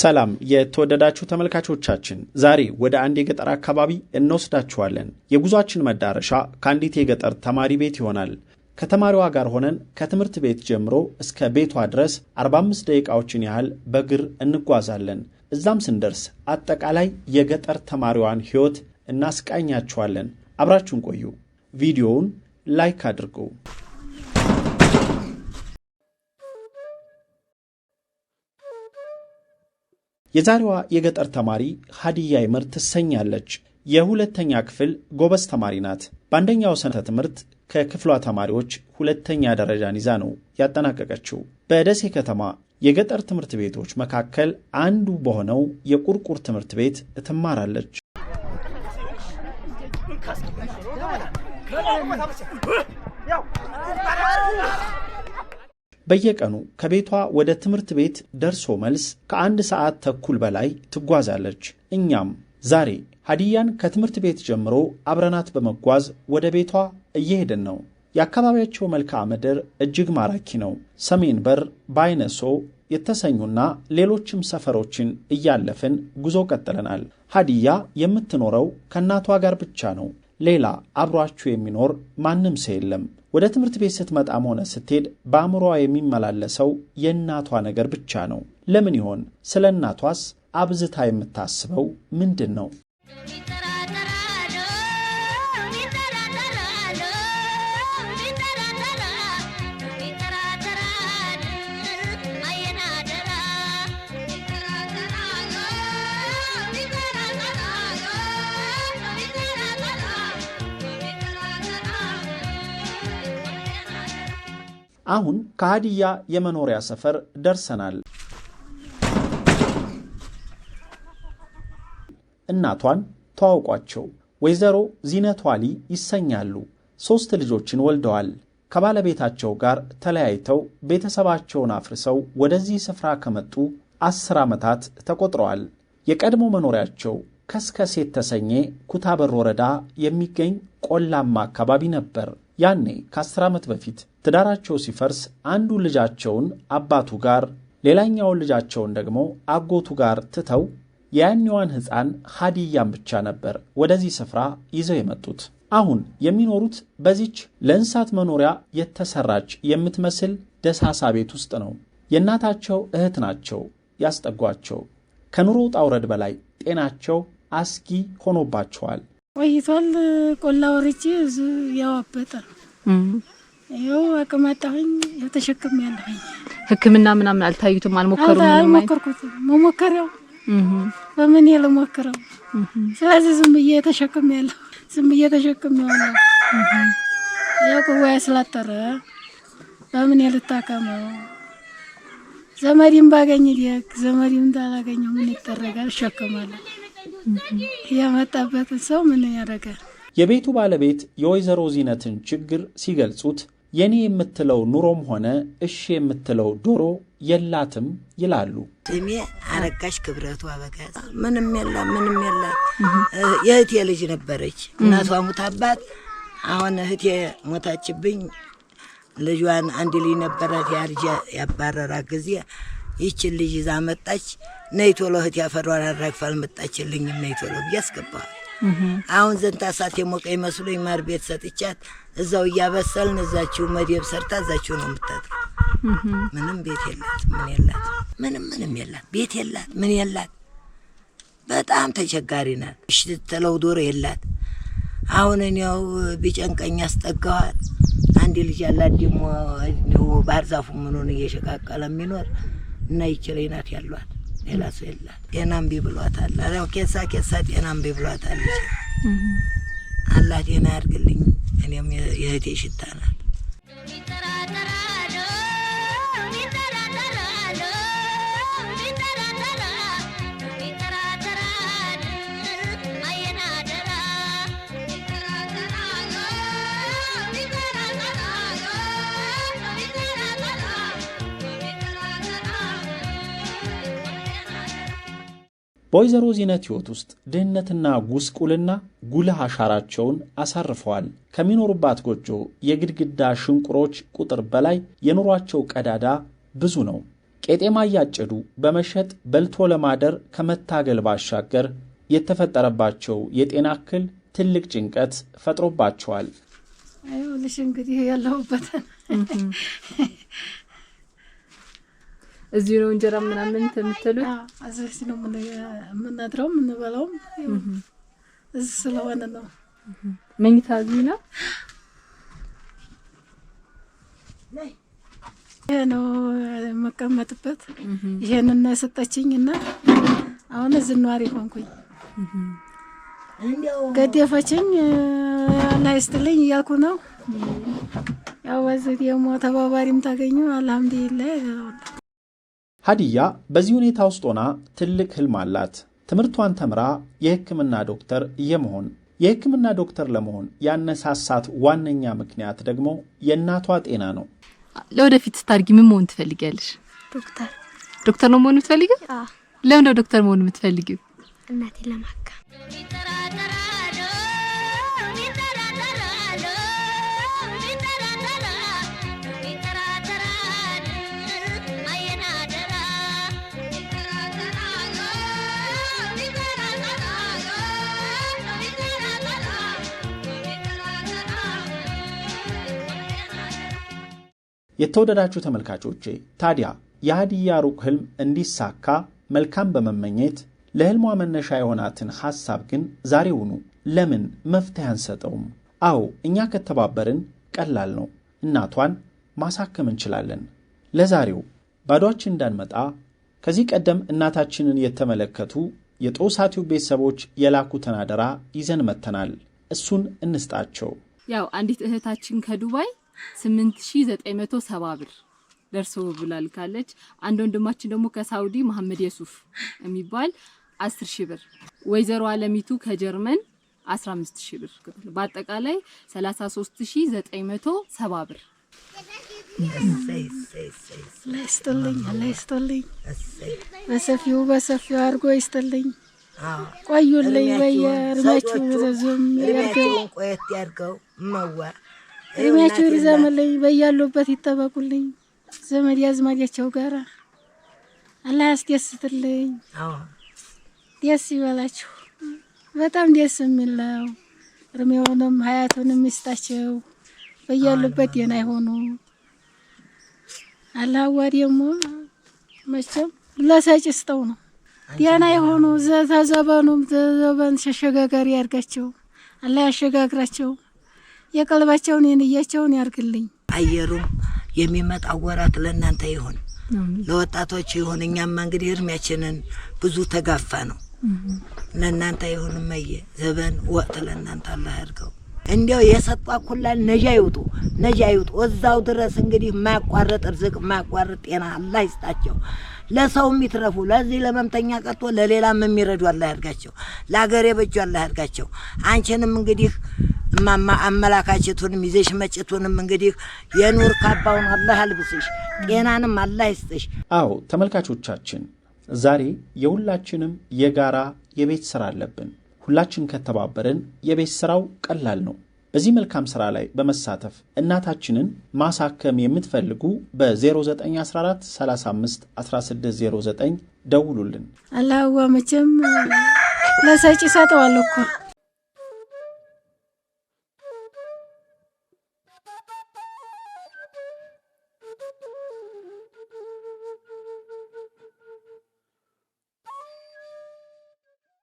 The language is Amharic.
ሰላም የተወደዳችሁ ተመልካቾቻችን፣ ዛሬ ወደ አንድ የገጠር አካባቢ እንወስዳችኋለን። የጉዟችን መዳረሻ ከአንዲት የገጠር ተማሪ ቤት ይሆናል። ከተማሪዋ ጋር ሆነን ከትምህርት ቤት ጀምሮ እስከ ቤቷ ድረስ 45 ደቂቃዎችን ያህል በእግር እንጓዛለን። እዛም ስንደርስ አጠቃላይ የገጠር ተማሪዋን ሕይወት እናስቃኛችኋለን። አብራችሁን ቆዩ። ቪዲዮውን ላይክ አድርጉ። የዛሬዋ የገጠር ተማሪ ሀዲያ ይመር ትሰኛለች። የሁለተኛ ክፍል ጎበዝ ተማሪ ናት። በአንደኛው ሰነተ ትምህርት ከክፍሏ ተማሪዎች ሁለተኛ ደረጃን ይዛ ነው ያጠናቀቀችው። በደሴ ከተማ የገጠር ትምህርት ቤቶች መካከል አንዱ በሆነው የቁርቁር ትምህርት ቤት ትማራለች። በየቀኑ ከቤቷ ወደ ትምህርት ቤት ደርሶ መልስ ከአንድ ሰዓት ተኩል በላይ ትጓዛለች። እኛም ዛሬ ሀዲያን ከትምህርት ቤት ጀምሮ አብረናት በመጓዝ ወደ ቤቷ እየሄድን ነው። የአካባቢያቸው መልክዓ ምድር እጅግ ማራኪ ነው። ሰሜን በር፣ ባይነሶ የተሰኙና ሌሎችም ሰፈሮችን እያለፍን ጉዞ ቀጥለናል። ሀዲያ የምትኖረው ከእናቷ ጋር ብቻ ነው። ሌላ አብሯችሁ የሚኖር ማንም ሰው የለም። ወደ ትምህርት ቤት ስትመጣም ሆነ ስትሄድ በአእምሯ የሚመላለሰው የእናቷ ነገር ብቻ ነው። ለምን ይሆን? ስለ እናቷስ አብዝታ የምታስበው ምንድን ነው? አሁን ከሃዲያ የመኖሪያ ሰፈር ደርሰናል። እናቷን ተዋውቋቸው ወይዘሮ ዚነቱ አሊ ይሰኛሉ። ሦስት ልጆችን ወልደዋል። ከባለቤታቸው ጋር ተለያይተው ቤተሰባቸውን አፍርሰው ወደዚህ ስፍራ ከመጡ አስር ዓመታት ተቆጥረዋል። የቀድሞ መኖሪያቸው ከስከስ ተሰኘ ኩታበር ወረዳ የሚገኝ ቆላማ አካባቢ ነበር። ያኔ ከአስር ዓመት በፊት ትዳራቸው ሲፈርስ አንዱ ልጃቸውን አባቱ ጋር ሌላኛውን ልጃቸውን ደግሞ አጎቱ ጋር ትተው የያኔዋን ሕፃን ሀዲያን ብቻ ነበር ወደዚህ ስፍራ ይዘው የመጡት። አሁን የሚኖሩት በዚች ለእንስሳት መኖሪያ የተሰራች የምትመስል ደሳሳ ቤት ውስጥ ነው። የእናታቸው እህት ናቸው ያስጠጓቸው። ከኑሮ ውጣ ውረድ በላይ ጤናቸው አስጊ ሆኖባቸዋል። ቆይቷል። ቆላ ወርጄ ያዋበጠ ይኸው አቅም አጣሁኝ። ተሸክም ያለሁኝ ሕክምና ምናምን አልታዩትም፣ አልሞከሩም። አልሞከርኩትም። መሞከሪያው በምን ልሞክረው? ስለዚህ ዝም ብዬ ተሸክም ያለሁ ዝም ብዬ ተሸክም ያለሁ ያው ቅዋያ ስላጠረ በምን ልታከመው? ዘመሪም ባገኝ ዲያክ ዘመሪም እንዳላገኘው ምን ይደረጋል? እሸከማለሁ። የመጣበትን ሰው ምን ያደርጋል? የቤቱ ባለቤት የወይዘሮ ዚነትን ችግር ሲገልጹት የኔ የምትለው ኑሮም ሆነ እሺ የምትለው ዶሮ የላትም ይላሉ። ስሜ አረጋሽ ክብረቱ አበጋዝ። ምንም የላ ምንም የላ የእህቴ ልጅ ነበረች። እናቷ ሙታባት። አሁን እህቴ ሞታችብኝ። ልጇን አንድ ልጅ ነበራት። ያ ያባረራ ጊዜ ይችን ልጅ ይዛ መጣች። ነይቶሎ ቶሎ እህቴ አፈሯን አራግፋ አልመጣችልኝም፣ ነይ ብዬ አስገባዋል አሁን ዘንታ እሳት የሞቀ ይመስሎኝ ማር ቤት ሰጥቻት እዛው እያበሰልን እዛችሁ መደብ ሰርታ እዛችሁ ነው የምታድር። ምንም ቤት የላት ምን የላት ምንም ምንም የላት ቤት የላት ምን የላት። በጣም ተቸጋሪ ናት። እሺ ትለው ዶሮ የላት። አሁን እኔው ቢጨንቀኝ አስጠጋዋት። አንድ ልጅ ያላት ደግሞ ባህር ዛፉ ምኑን እየሸቃቀለ የሚኖር እና ይችለኝ ናት ያሏት ሌላ ሰው የላት። ጤና እምቢ ብሏታል። ያው ኬሳ ኬሳ ጤና እምቢ ብሏታል። አላህ ጤና ያድርግልኝ። እኔም የእህቴ ሽታ ናት። በወይዘሮ ዚነት ሕይወት ውስጥ ድህነትና ጉስቁልና ጉልህ አሻራቸውን አሳርፈዋል። ከሚኖሩባት ጎጆ የግድግዳ ሽንቁሮች ቁጥር በላይ የኑሯቸው ቀዳዳ ብዙ ነው። ቄጤማ እያጨዱ በመሸጥ በልቶ ለማደር ከመታገል ባሻገር የተፈጠረባቸው የጤና እክል ትልቅ ጭንቀት ፈጥሮባቸዋል። ይኸውልሽ እንግዲህ ያለሁበትን እዚሁ ነው እንጀራ ምናምን የምትሉት? እዚህ ነው የምናድረው የምንበላውም እዚህ ስለሆነ ነው። መኝታ እዚህ ነው። ይሄ ነው የምቀመጥበት። ይሄንን ነው የሰጠችኝ እና አሁን እዚህ ነዋሪ ሆንኩኝ። ገደፈችኝ ላይስትልኝ እያልኩ ነው። ያው በዚህ ደግሞ ተባባሪም ታገኙ አልሐምዱሊላህ። ሀዲያ በዚህ ሁኔታ ውስጥ ሆና ትልቅ ህልም አላት። ትምህርቷን ተምራ የህክምና ዶክተር የመሆን የህክምና ዶክተር ለመሆን ያነሳሳት ዋነኛ ምክንያት ደግሞ የእናቷ ጤና ነው። ለወደፊት ስታድጊ ምን መሆን ትፈልጊያለሽ? ዶክተር። ዶክተር ነው መሆን የምትፈልጊው? ለምን ነው ዶክተር መሆን የምትፈልጊው? እናቴ ለማካ የተወደዳችሁ ተመልካቾቼ ታዲያ የአድያ ሩቅ ህልም እንዲሳካ መልካም በመመኘት ለህልሟ መነሻ የሆናትን ሐሳብ ግን ዛሬውኑ ለምን መፍትሄ አንሰጠውም? አዎ እኛ ከተባበርን ቀላል ነው። እናቷን ማሳከም እንችላለን። ለዛሬው ባዷችን እንዳንመጣ ከዚህ ቀደም እናታችንን የተመለከቱ የጦሳቲው ቤተሰቦች የላኩትን አደራ ይዘን መጥተናል። እሱን እንስጣቸው። ያው አንዲት እህታችን ከዱባይ 8970 ብር ደርሶ ብላል ካለች። አንድ ወንድማችን ደግሞ ከሳውዲ መሐመድ የሱፍ የሚባል 10 ሺህ ብር፣ ወይዘሮ አለሚቱ ከጀርመን 15 ሺህ ብር፣ በአጠቃላይ 33970 ብር ይስጥልኝ። ይስጥልኝ በሰፊው በሰፊው አድርጎ ይስጥልኝ። ቆዩልኝ በየእርማችሁ ረዙም ቆየት ያርገው መዋ እድሜያቸው ይርዘምልኝ፣ በያሉበት ይጠበቁልኝ። ዘመድ ያዝማዳቸው ጋራ አላህ ያስደስትልኝ፣ ደስ ይበላችሁ። በጣም ደስ የሚለው እድሜውንም ሀያቱንም ይስጣቸው። በያሉበት ደህና ይሆኑ። አላህ ደግሞ መቼም ለሰጭ ስጠው ነው ደህና የሆኑ ተዘበኑም ተዘበን ሸሸጋጋሪ ያድርጋቸው። አላህ ያሸጋግራቸው። የቀልባቸውን የንያቸውን ያርግልኝ። አየሩም የሚመጣ ወራት ለእናንተ ይሁን፣ ለወጣቶች ይሁን። እኛማ እንግዲህ እድሜያችንን ብዙ ተጋፋ ነው። ለእናንተ ይሁን። መየ ዘበን ወቅት ለእናንተ አላ ያድርገው። እንዲያው የሰጧ ኩላል ነጃ ይውጡ ነጃ ይውጡ እዛው ድረስ እንግዲህ የማያቋርጥ እርዝቅ የማያቋርጥ ጤና አላህ ይስጣቸው። ለሰው የሚትረፉ ለዚህ ለመምተኛ ቀጥቶ ለሌላም የሚረዱ አላህ ያድርጋቸው። ለአገሬ በጁ አላህ ያድርጋቸው። አንቺንም እንግዲህ እማማ አመላካችቱንም ይዘሽ መጭቱንም እንግዲህ የኑር ካባውን አላህ አልብስሽ፣ ጤናንም አላህ ይስጥሽ። አዎ ተመልካቾቻችን ዛሬ የሁላችንም የጋራ የቤት ስራ አለብን። ሁላችን ከተባበርን የቤት ስራው ቀላል ነው። በዚህ መልካም ስራ ላይ በመሳተፍ እናታችንን ማሳከም የምትፈልጉ በ 0914351609 ደውሉልን። አላዋ መቼም ለሰጪ እኮ